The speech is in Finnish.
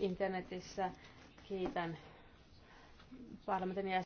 internetissä. Kiitän parlamentin ja